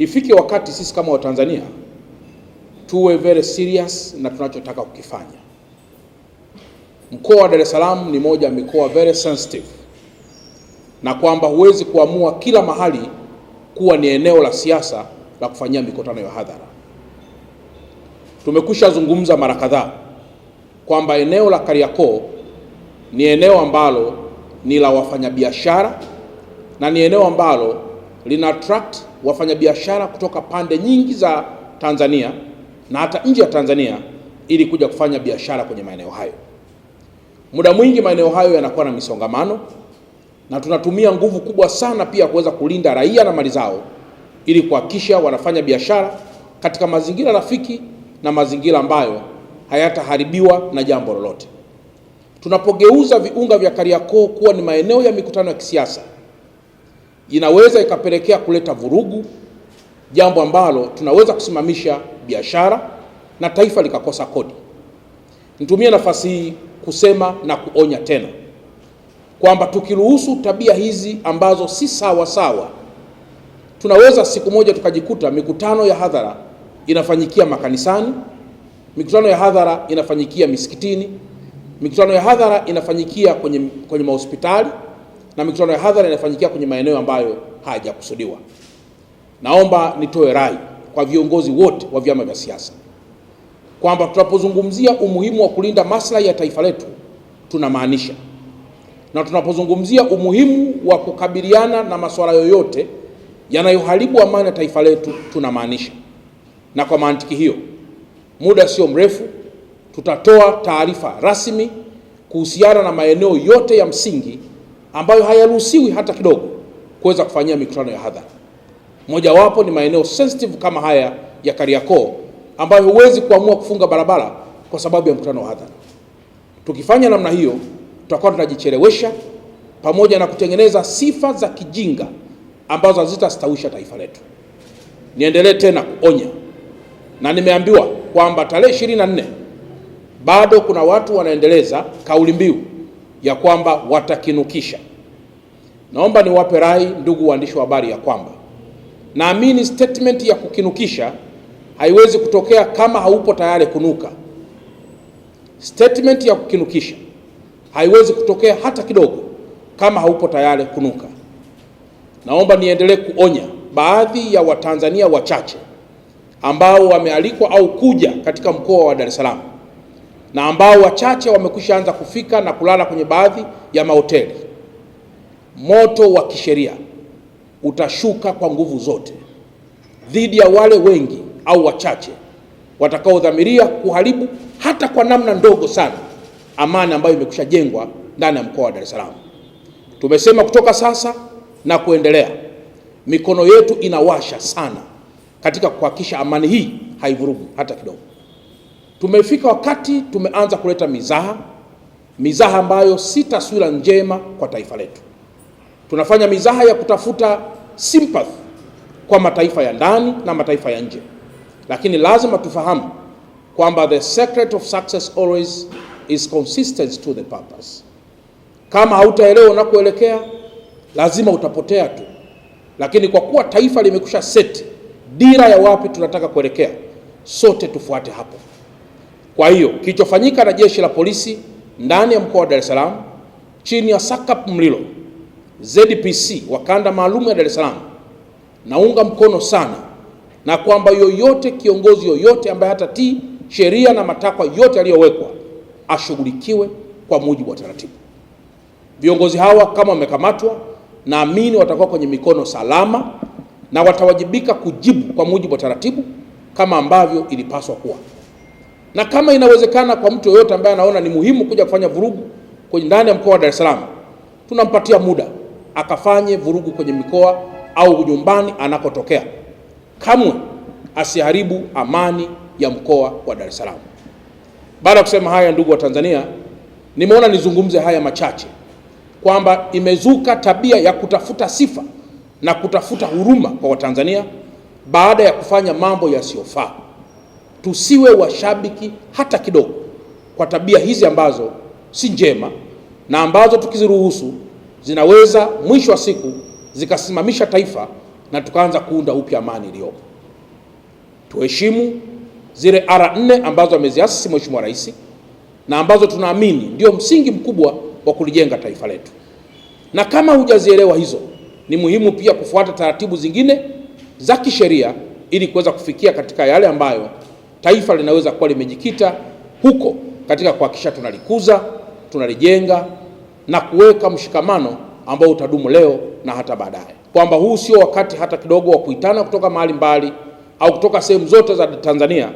Ifike wakati sisi kama Watanzania tuwe very serious na tunachotaka kukifanya. Mkoa wa Dar es Salaam ni moja ya mikoa very sensitive, na kwamba huwezi kuamua kila mahali kuwa ni eneo la siasa la kufanyia mikutano ya hadhara. Tumekwisha zungumza mara kadhaa kwamba eneo la Kariakoo ni eneo ambalo ni la wafanyabiashara na ni eneo ambalo lina attract wafanyabiashara kutoka pande nyingi za Tanzania na hata nje ya Tanzania ili kuja kufanya biashara kwenye maeneo hayo. Muda mwingi maeneo hayo yanakuwa na misongamano na tunatumia nguvu kubwa sana pia kuweza kulinda raia na mali zao ili kuhakikisha wanafanya biashara katika mazingira rafiki na mazingira ambayo hayataharibiwa na jambo lolote. Tunapogeuza viunga vya Kariakoo kuwa ni maeneo ya mikutano ya kisiasa inaweza ikapelekea kuleta vurugu, jambo ambalo tunaweza kusimamisha biashara na taifa likakosa kodi. Nitumie nafasi hii kusema na kuonya tena kwamba tukiruhusu tabia hizi ambazo si sawa sawa, tunaweza siku moja tukajikuta mikutano ya hadhara inafanyikia makanisani, mikutano ya hadhara inafanyikia misikitini, mikutano ya hadhara inafanyikia kwenye, kwenye mahospitali na mikutano ya hadhara inafanyikia kwenye maeneo ambayo hayajakusudiwa. Naomba nitoe rai kwa viongozi wote wa vyama vya siasa kwamba tunapozungumzia umuhimu wa kulinda maslahi ya taifa letu tunamaanisha, na tunapozungumzia umuhimu wa kukabiliana na masuala yoyote yanayoharibu amani ya taifa letu tunamaanisha. Na kwa mantiki hiyo, muda sio mrefu tutatoa taarifa rasmi kuhusiana na maeneo yote ya msingi ambayo hayaruhusiwi hata kidogo kuweza kufanyia mikutano ya hadhara. Mojawapo ni maeneo sensitive kama haya ya Kariakoo ambayo huwezi kuamua kufunga barabara kwa sababu ya mkutano wa hadhara. Tukifanya namna hiyo, tutakuwa tunajichelewesha pamoja na kutengeneza sifa za kijinga ambazo hazitastawisha taifa letu. Niendelee tena kuonya, na nimeambiwa kwamba tarehe 24 bado kuna watu wanaendeleza kauli mbiu ya kwamba watakinukisha. Naomba niwape rai, ndugu waandishi wa habari, ya kwamba naamini statement ya kukinukisha haiwezi kutokea kama haupo tayari kunuka. Statement ya kukinukisha haiwezi kutokea hata kidogo kama haupo tayari kunuka. Naomba niendelee kuonya baadhi ya Watanzania wachache ambao wamealikwa au kuja katika mkoa wa Dar es Salaam na ambao wachache wamekwisha anza kufika na kulala kwenye baadhi ya mahoteli. Moto wa kisheria utashuka kwa nguvu zote dhidi ya wale wengi au wachache watakaodhamiria kuharibu hata kwa namna ndogo sana amani ambayo imekwisha jengwa ndani ya mkoa wa Dar es Salaam. Tumesema kutoka sasa na kuendelea, mikono yetu inawasha sana katika kuhakikisha amani hii haivurugu hata kidogo. Tumefika wakati tumeanza kuleta mizaha, mizaha ambayo si taswira njema kwa taifa letu. Tunafanya mizaha ya kutafuta sympathy kwa mataifa ya ndani na mataifa ya nje, lakini lazima tufahamu kwamba the secret of success always is consistency to the purpose. Kama hautaelewa unakoelekea, lazima utapotea tu, lakini kwa kuwa taifa limekusha seti dira ya wapi tunataka kuelekea, sote tufuate hapo. Kwa hiyo kilichofanyika na jeshi la polisi ndani ya mkoa wa Dar es Salaam chini ya SACP Mlilo ZPC wa kanda maalum ya Dar es Salaam naunga mkono sana, na kwamba yoyote kiongozi yoyote ambaye hata ti sheria na matakwa yote yaliyowekwa ashughulikiwe kwa mujibu wa taratibu. Viongozi hawa kama wamekamatwa, naamini watakuwa kwenye mikono salama na watawajibika kujibu kwa mujibu wa taratibu kama ambavyo ilipaswa kuwa na kama inawezekana kwa mtu yoyote ambaye anaona ni muhimu kuja kufanya vurugu kwenye ndani ya mkoa wa Dar es Salaam, tunampatia muda akafanye vurugu kwenye mikoa au nyumbani anakotokea. Kamwe asiharibu amani ya mkoa wa Dar es Salaam. Baada ya kusema haya, ndugu wa Tanzania, nimeona nizungumze haya machache kwamba imezuka tabia ya kutafuta sifa na kutafuta huruma kwa Watanzania baada ya kufanya mambo yasiyofaa tusiwe washabiki hata kidogo kwa tabia hizi ambazo si njema na ambazo tukiziruhusu zinaweza mwisho wa siku zikasimamisha taifa na tukaanza kuunda upya amani iliyopo. Tuheshimu zile ara nne ambazo ameziasisi Mheshimiwa Rais na ambazo tunaamini ndio msingi mkubwa wa kulijenga taifa letu, na kama hujazielewa hizo, ni muhimu pia kufuata taratibu zingine za kisheria ili kuweza kufikia katika yale ambayo taifa linaweza kuwa limejikita huko katika kuhakikisha tunalikuza, tunalijenga na kuweka mshikamano ambao utadumu leo na hata baadaye, kwamba huu sio wakati hata kidogo wa kuitana kutoka mahali mbali au kutoka sehemu zote za Tanzania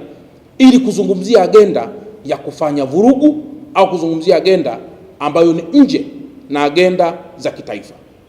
ili kuzungumzia agenda ya kufanya vurugu au kuzungumzia agenda ambayo ni nje na agenda za kitaifa.